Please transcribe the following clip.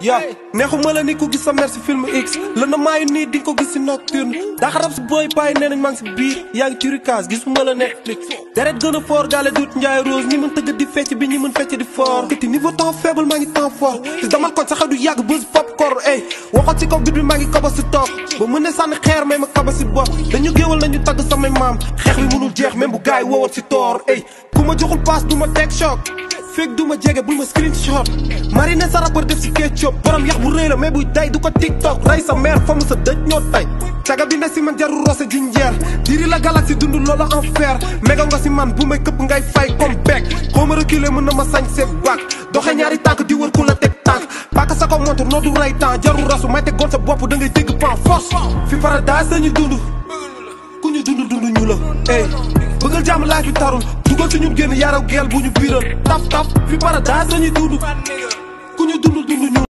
yaa neexuma la ni ko gis sa mère si film X la na maayu nii di ko gis si nocturne daa xarab si booy paay nee nañ maa ngi si biir yaa ngi ci ricas gisuma la Netflix deret gën a foor gaale duut njaay rose ñi mën tëgg di fecc bi ñi mën fecc di foor ti niveau temps faible maa ngi temps fort te damal ko sax du yàgg bës popcorn ey waxoon si ko gud bi maa ngi kaba si toog ba mën ne sànni xeer may ma kaba si bopp dañu géewal nañu tagg samay maam xeex bi mënul jeex même bu gaay woowal si toor ey ma joxul paas du ma teg choc Fek duma jégué jege bul ma screenshot marine sa rappeur def ci ketchup borom yax bu reey la mais bu day du ko tiktok ray sa mère fam sa dëj ñoo tay taga bi ne man jaru rose ñeer diri la galaxie dund loola enfer mega nga ci man bu may kep ngay fay comme bec ko ma reculé mën na ma sañ se baak doxé ñaari tank di wër ku la tek tank paaka sa ko montre no du ray tan jaru rasu may te gol sa bop da ngay dégg pan force fi paradise dañu dundu ku ñu dundu dundu ñu la ey bëggal jamm la fi tarul ko ci ñu génn yaraw gel bu ñu biiral taf taf fi paradise lañuy dund